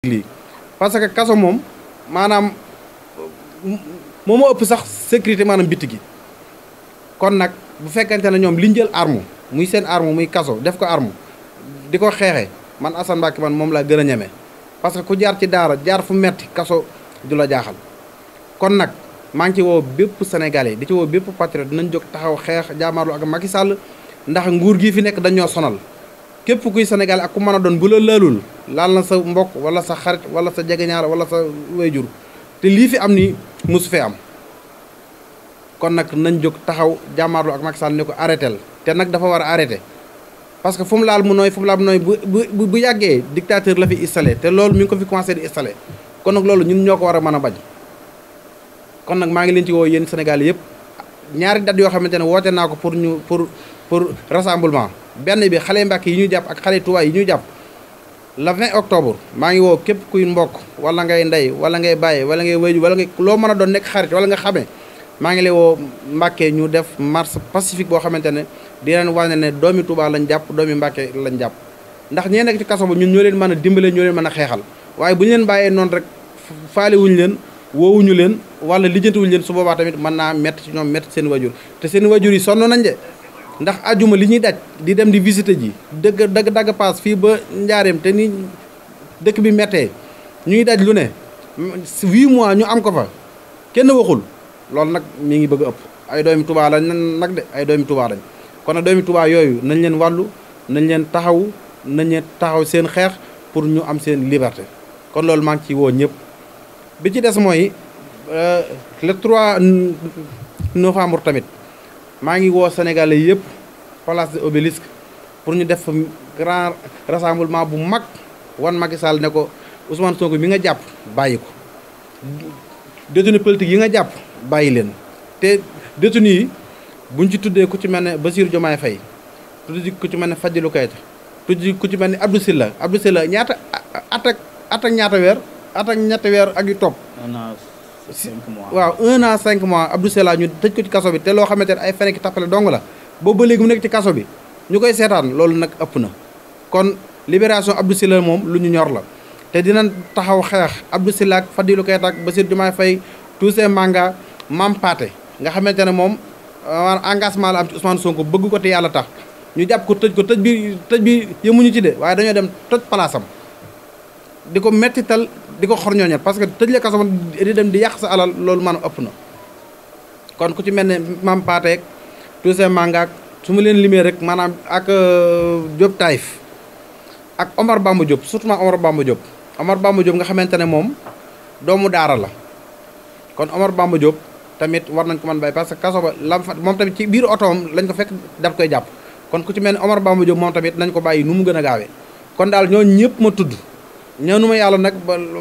lii parce que kaso moom maanaam moom ma ëpp sax sécurité maanaam bitti gi kon nag bu fekkente ne ñoom liñ jël arme muy seen armu muy kaso def ko armu di ko xeexee man Assane Mbacké man moom laa gën a ñeme parce que ku jaar ci daara jaar fu metti kaso du la jaaxal kon nag maa ngi ci woo bépp sénégalais di ci woo bépp patriote dinañ jóg taxaw xeex jaamaarlu ak Macky Sall ndax nguur gi fi nekk dañoo sonal képp kuy Sénégal ak ku mën a doon bu la laalul laal na sa mbokk wala sa xarit wala sa jegeñaar wala sa wayjur te lii fi am ni mosu fee am kon nag nañ jóg taxaw jàmmaarlu ak Macky Sall ne ko arrêtel te nag dafa war a arrêté parce que fu laal mu nooy fu mu laal mu nooy bu bu bu yàggee dictateur la fi installé te loolu mi ngi ko fi commencé di installé kon nag loolu ñun ñoo ko war a mën a bañ kon nag maa ngi leen ci woo yéen Sénégal yëpp ñaari date yoo xamante ne woote naa ko pour ñu pour pour rassemblement benn bi xale Mbàkke yi ñuy jàpp ak xale Tuubaa yi ñu jàpp la 20 octobre maa ngi woo képp kuy mbokk wala ngay ndey wala ngay bàyyee wala ngay wéju wala ngay loo mën a doon nekk xarit wala nga xamee maa ngi lay woo Mbàkke ñu def marche pacifique boo xamante ne di leen wane ne doomi Tuubaa lañ jàpp doomi Mbàkke lañ jàpp ndax ñee nekk ci kaso ba ñun ñoo leen mën a dimbale ñoo mën a xeexal waaye bu ñu leen bàyyee noonu rek faalewuñu leen woowuñu leen wala lijjantiwuñu leen su boobaa tamit mën naa métti ci ñoom métti seen wajur te seen wajur yi sonn nañ de ndax ajuma li ñuy daj di dem di visiter ji dëgg dagg dagg paas fii ba njaareem te ni dëkk bi méttee ñuy daj lu ne huit mois ñu am ko fa kenn waxul loolu nag mi ngi bëgg ëpp ay doomi Tuubaa lañ nag de ay doomi kon nag doomi Tuubaa yooyu nañ leen wàllu nañ leen taxaw nañ leen taxaw seen xeex pour ñu am seen liberté kon loolu maa ngi ci woo ñëpp bi ci des mooy euh, le 3 novembre tamit maa ngi woo sénégalais yëpp place de obélisque pour ñu def grand rassemblement bu mag wan Macky Sall ne ko Ousmane Sonko mi nga jàpp bàyyi ko détenu politique yi nga jàpp bàyyi leen te détenu yi buñ ci tuddee ku ci mel ne Bassirou Diomaye Faye tudd ku ci mel ne Fadilou Keïta tudd ku ci mel ne Abdou Sylla Abdou Sylla ñaata at ñaata weer at ak weer ak yu topp waaw un an cinq mois Abdou Sela ñu tëj ko ci kaso bi te loo xamante ne ay feneen tappale dong la boobu ba mu nekk ci kaso bi ñu koy seetaan loolu nag ëpp na kon libération Abdou Sela moom lu ñu ñor la te dina taxaw xeex Abdou Sela ak Fadilou Keita ak Bassirou Diomaye Faye Toussaint Manga Mame Pathé nga xamante ne moom euh, engagement la am ci Ousmane Sonko bëgg ko te yàlla tax ñu jàpp ko tëj ko tëj bi tëj bi yëmuñu ci de waaye dañoo dem toj palaasam di ko mettital di ko xor ñooña parce que tëj la kaso moom di dem di yàq sa alal loolu maanaam ëpp na kon ku ci mel ne maam Pateek Toussaint Manga su ma leen limee rek maanaam ak euh, Diop Taïf ak Omar a Diop surtout ma Omar Bamba Diop Omar Bamba nga xamante ne moom doomu daara la kon Omar Bamba Diop tamit war nañ ko mën bay parce que kaso ba lam fa moom tamit ci biir otoom lañ ko fekk daf koy jàpp kon ku ci mel ne Omar Bamba Diop moom tamit nañ ko bàyyi nu mu gën a gaawee kon daal ñooñu ñëpp ma tudd ñaanu ma yàlla nag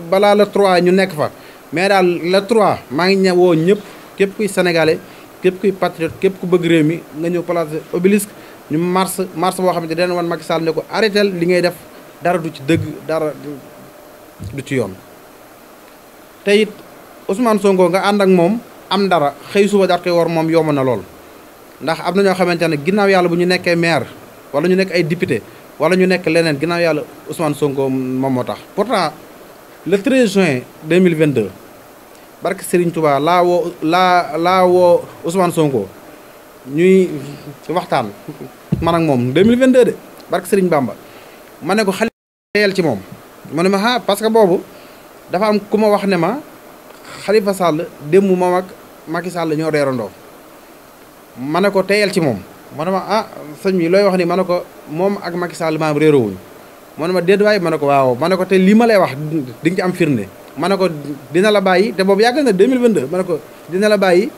balaa le 3 ñu nekk fa mais daal le 3 maa ngi ñëwoo ñëpp képp kuy sénégalais képp kuy patriote képp ku bëgg réew mi nga ñëw place Obélisque ñu mars mars boo xamante ne dinañ wan Macky Sall ne ko arrêté li ngay def dara du ci dëgg dara du ci yoon. te it Ousmane Sonko nga ànd ak moom am dara xëy suba daat koy war moom yomb na lool ndax am na ñoo xamante ne ginnaaw yàlla bu ñu nekkee maire wala ñu nekk ay député. wala ñu nekk leneen ginnaaw yàlla Ousmane Sonko moom moo tax pourtant le 13 juin deux mille 2022 barke Serigne Touba laa woo laa laa woo Ousmane Sonko ñuy waxtaan man ak moom 2022 de barke Serigne Bamba ma ne ko xale teel ci moom ma ne ma ah parce que boobu dafa am ku ma wax ne ma Khalifa Sall démb moom ak Macky reerandoo ma ne ko teyal ci moom ma ne ma ah sëñ bi looy wax ni ma ne ko moom ak Macky Sall maam réeroowuñ ma ne ma déet waay ma ne ko waaw ma ne ko te lii ma lay wax di ci am firnde ma ne ko dina la bàyyi te boobu yàgg na 2022 ma ne ko dina la bàyyi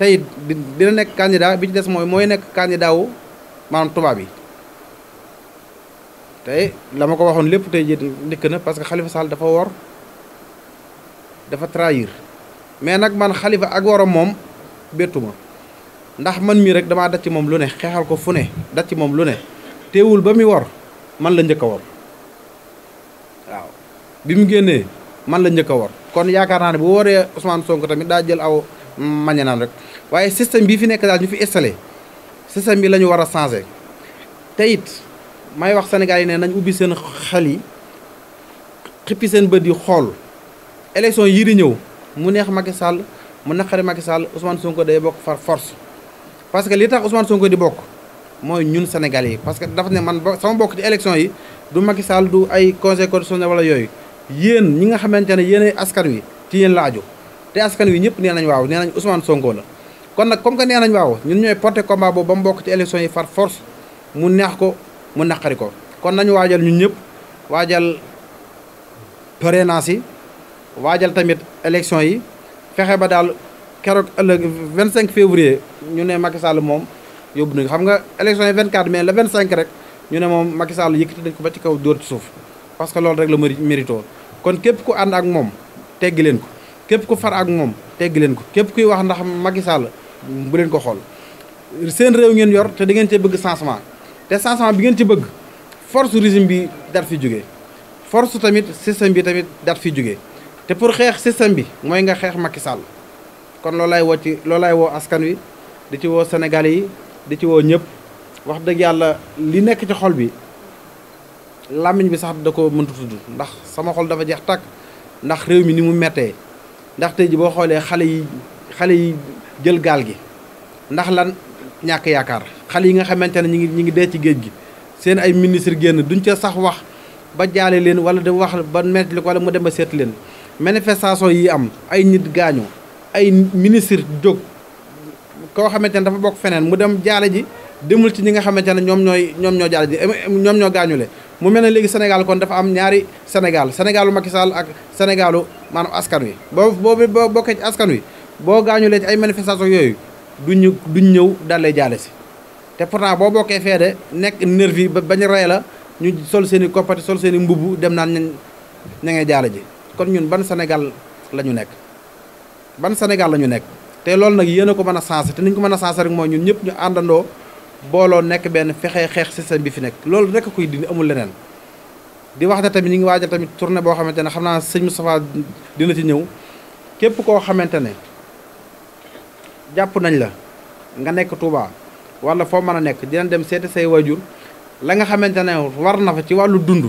tey dina nekk candidat bi ci des mooy mooy nekk candidat wu maanaam tubaab yi tey la ma ko waxoon lépp tey jii ndikk na parce que Khalifa Sall dafa wor dafa trahir mais nag man Khalifa ak waram moom bettu ma ndax man mii rek damaa datti moom lu ne xeexal ko fu ne datti moom lu ne teewul ba muy wor man la njëkk a war waaw bi mu génnee man la njëkk a war kon yaakaar naa ne bu waree Ousmane Sonko tamit daa jël aw mañanaan rek waaye système bii fi nekk daal ñu fi installé système bi lañu war a changé te it may wax Sénégal yi ne nañ ubbi seen xel yi xippi seen bët yi xool élection yii di ñëw mu neex Macky Sall mu naqari Macky Sall Ousmane Sonko day bokk far force parce que li tax Ousmane Sonko di bokk mooy ñun Sénégalais yi parce que dafa ne man sama bokk ci élection yi du Macky Sall du ay conseil constitutionnel wala yooyu yéen ñi nga xamante ne yéen askan wi ci yéen laaju te askan wi ñëpp nee nañ waaw nee nañ Ousmane Sonko la kon na comme que nee nañ waaw ñun ñooy porté combat boobu ba mu bokk ci élection yi far force ko mu naqari ko kon nañu waajal ñun ñëpp waajal parrainage yi waajal tamit élection yi fexe ba daal keroog ëllëg cinq février ñu ne Macky moom yóbbu nañu xam nga élection yi 24 mais vingt 25 rek ñu ne moom Macky Sall yëkkati nañ ko ba ci kaw dóor ci suuf parce que loolu rek la mérito kon képp ku ànd ak moom teggi leen ko képp ku far ak moom teggi leen ko képp kuy wax ndax Macky Sall bu leen ko xool seen réew ngeen yor te da ngeen cee bëgg changement te changement bi ngeen ci bëgg force régime bi dat fi jóge force tamit système bi tamit dat fi jógee te pour xeex système bi mooy nga xeex Macky kon loolaay woo ci loolaay woo askan wi di ci woo Sénégalais yi di ci woo ñëpp wax dëgg yàlla li nekk ci xol bi làmmiñ bi sax da ko mëntu tudd ndax sama xol dafa jeex takk ndax réew mi ni mu mettee ndax tey ji boo xoolee xale yi xale yi jël gaal gi ndax lan ñàkk yaakaar xale yi nga xamante ne ñi ngi ñi ngi dee ci géej gi seen ay ministre génn duñ ca sax wax ba jaale leen wala da wax ba metti wala mu dem ba seet leen manifestation yi am ay nit gaañoo ay ministre jóg koo xamante ne dafa bokk feneen mu dem jaale ji demul ci ñi nga xamante ne ñoom ñooy ñoom ñoo jaale ji ñoom ñoo gaañule mu mel ne léegi Sénégal kon dafa am ñaari Sénégal Sénégalu Macky Sall ak Sénégalu maanaam askan wi boo boobu boo bokkee askan wi boo gaañulee ci ay manifestation yooyu duñu ñëw daal lay jaale si te pourtant boo bokkee fee de nekk nervi ba bañ rey la ñu sol seeni i koppati sol seen i mbubb dem naan ña ña ngay jaale ji kon ñun ban senegal la ñu nekk ban Sénégal la ñu nekk te loolu nag yéen ko mën a sensé te ni ñu ko mën a sensé rek mooy ñun ñëpp ñu àndandoo booloo nekk benn fexe xeex système bi fi nekk loolu rek kuy dindi amul leneen di wax ne tamit ñu ngi waajal tamit tournée boo xamante ne xam naa sëñ Moustapha dina ci ñëw képp koo xamante ne jàpp nañ la nga nekk Touba wala foo mën a nekk dinañ dem seeti say waajur la nga xamante ne war na fa ci wàllu dund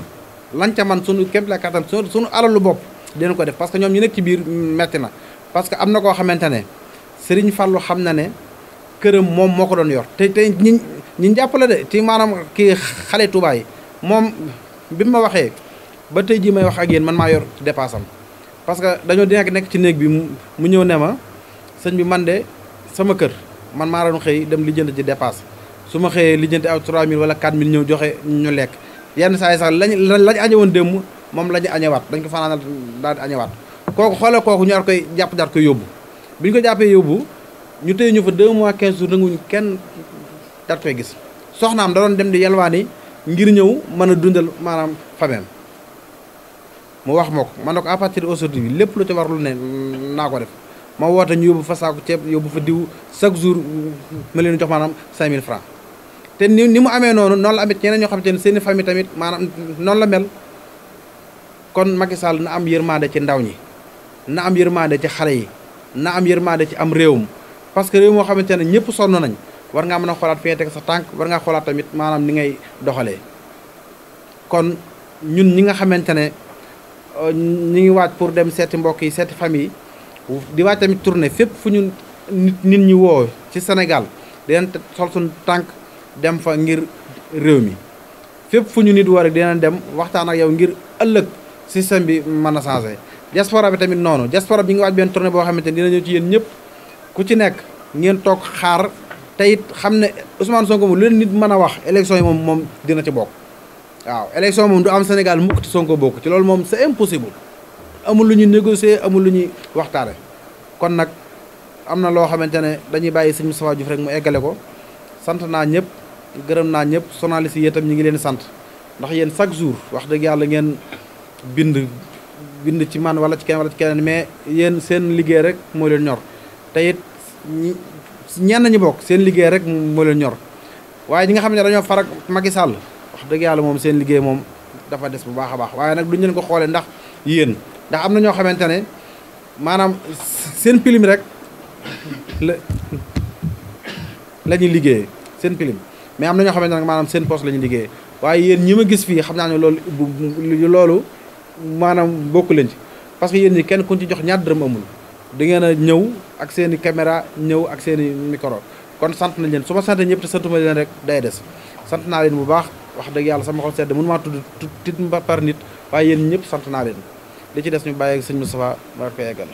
lan ca man sunu képp la kattan sunu alalu bopp dinañ ko def parce que ñoom ñu nekk ci biir metti na parce que am na koo xamante ne Serigne Fallou xam na ne këram moom moo ko doon yor te te ñi ñi jàppale de ci maanaam kii xale Touba moom bi ma waxee ba tey jii may wax ak yéen man maa yor dépasse am parce que dañoo di nekk ci néeg bi mu ñëw ne ma sëñ bi man de sama kër man maa doon xëy dem lijjanti ci dépasse su ma xëyee lijjanti aw 3000 wala 4000 ñëw joxe ñu lekk yenn saa yi sax lañ lañ añewoon démb moom la ñu añewaat dañ ko fanaanal daal di kooku xoolal kooku ñu war koy jàpp daat koy yóbbu bi ñu ko jàppee yóbbu ñu téye ñu fa 2 mois 15 jours nanguñu kenn daat koy gis soxnaam da doon dem ngir ñëw mën a dundal maanaam fameem mu wax ma ko man na ko à partir lépp lu ci warul ne naa ko def ma woote ñu yóbbu fa saako ceeb yóbbu fa diw chaque jour ma leen jox maanaam 5000 francs te ni ni mu amee noonu noonu la amit ñeneen ñoo xamante ne seeni famille tamit maanaam noonu la mel kon Macky Sall na am yërmande ci ndaw ñi na am yërmande ci xale yi na am yërmande ci am réewum parce que réew moo xamante ne ñëpp sonn nañ war ngaa mën a xoolaat fi nga sa tànk war ngaa xoolaat tamit maanaam ni ngay doxalee kon ñun ñi nga xamante ne euh, ñu ngi waaj pour dem seeti mbokk yi seeti famille di waaj tamit tournée fépp fu ñu nit nit ñi woo ci Sénégal dinañ sol suñu tànk dem fa ngir réew mi fépp fu ñu nit war dinañ dem waxtaan ak yow ngir ëllëg système bi mën a changé diaspora bi tamit noonu diaspora bi ñu ngi waaj benn tournée boo xamante ni dina ñëw ci yéen ñëpp ku ci nekk ngeen toog xaar te it xam ne Ousmane Sonko moom lu leen nit mën a wax élection yi moom moom dina ci bokk waaw élection moom du am Sénégal mukk Sonko bokk ci loolu moom c'est impossible amul lu ñuy négocier amul lu ñuy waxtaane kon nag am na loo xamante ne dañuy bàyyi sëñ Moustapha Diouf rek mu eggale ko sant naa ñëpp gërëm naa ñëpp journalistes yi itam ñu ngi leen sant ndax yéen chaque jour wax dëgg yàlla ngeen bind bind ci man wala ci keneen wala ci keneen mais yéen seen liggéey rek moo leen ñor te it ñi ñenn ñi bokk seen liggéey rek moo leen ñor waaye ñi nga xam ne dañoo farak Macky Sall wax dëgg yàlla moom seen liggéey moom dafa des bu baax a baax waaye nag duñu ñeen ko xoolee ndax yéen ndax am na ñoo xamante ne maanaam seen pilim rek la la ñuy liggéeyee seen pilim mais am na ñoo xamante ne maanaam seen poste la ñuy liggéeyee waaye yéen ñi ma gis fii xam naa ne loolu loolu. maanaam bokk leen ci parce que yéen ñi kenn kuñ ci jox ñaar dërëm amul da ngeen a ñëw ak seeni kamera ñëw ak seeni i micro kon sant nañ leen su ma sante ñëpp te santuma leen rek day des sant naa leen bu baax wax dëgg yàlla sama xol sedd mënu maa tudd tit par nit waaye yéen ñëpp sant naa leen li ci des ñu bàyyi ak sëñ Moustapha ma war ko eggal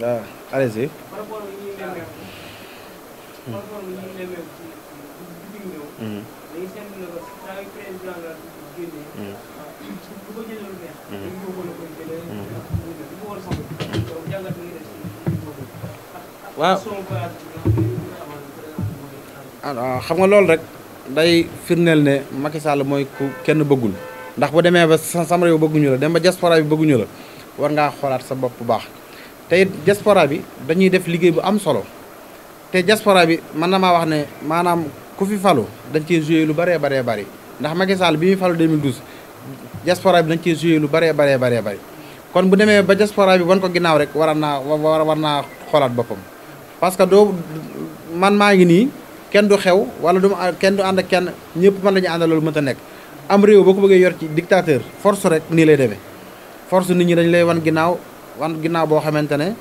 waaw hmm. waaw waaw xam nga loolu rek day firndeel ne Macky Sall mooy ku kenn bëggul ndax bu demee ba sam réew bëgguñu la dem ba jasporaa bi bëgguñu la war ngaa xoolaat sa bopp bu baax te it diaspora bi dañuy def liggéey bu am solo te diaspora bi mën na maa wax ne maanaam ku fi falu dañ cee joué lu bëree baree bari ndax Macky Sall bi muy falu 2012 diaspora bi dañ cee joué lu bëree baree baree bëri kon bu demee ba diaspora bi wan ko ginnaaw rek war naa war naa xoolaat boppam parce que doo man maa ngi nii kenn du xew wala du ma kenn du ànd kenn ñëpp man la ñu àndal loolu mënta nekk am réew boo ko bëggee yor ci dictateur force rek nii lay demee force nit ñi dañ lay wan ginnaaw wan ginnaaw boo xamante ne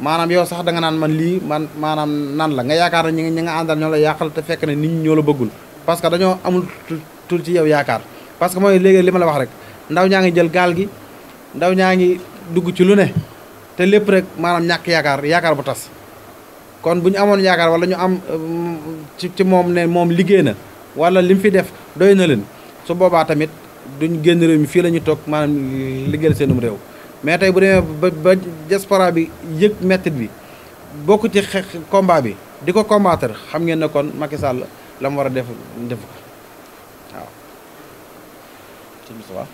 maanaam yow sax da nga naan man lii man maanaam nan la nga yaakaar na ñi ñi nga àndal ñoo la yàqal te fekk ne nit ñi ñoo la bëggul parce que dañoo amul tul ci yow yaakaar parce que mooy léegi li ma la wax rek ndaw ñaa ngi jël gaal gi ndaw ñaa ngi dugg ci lu ne te lépp rek maanaam ñàkk yaakaar yaakaar bu tas kon bu ñu amoon yaakaar walla ñu am ci ci moom ne moom liggéey na wala li mu fi def doy na leen su boobaa tamit duñ génn réew mi fii la ñu toog maanaam liggéeyal seenum réew mais tey bu demee ba ba diaspora bi yëg mettit bi bokk ci xeex combat bi di ko combattre xam ngeen ne kon Macky Sall la mu war a def def ko waaw.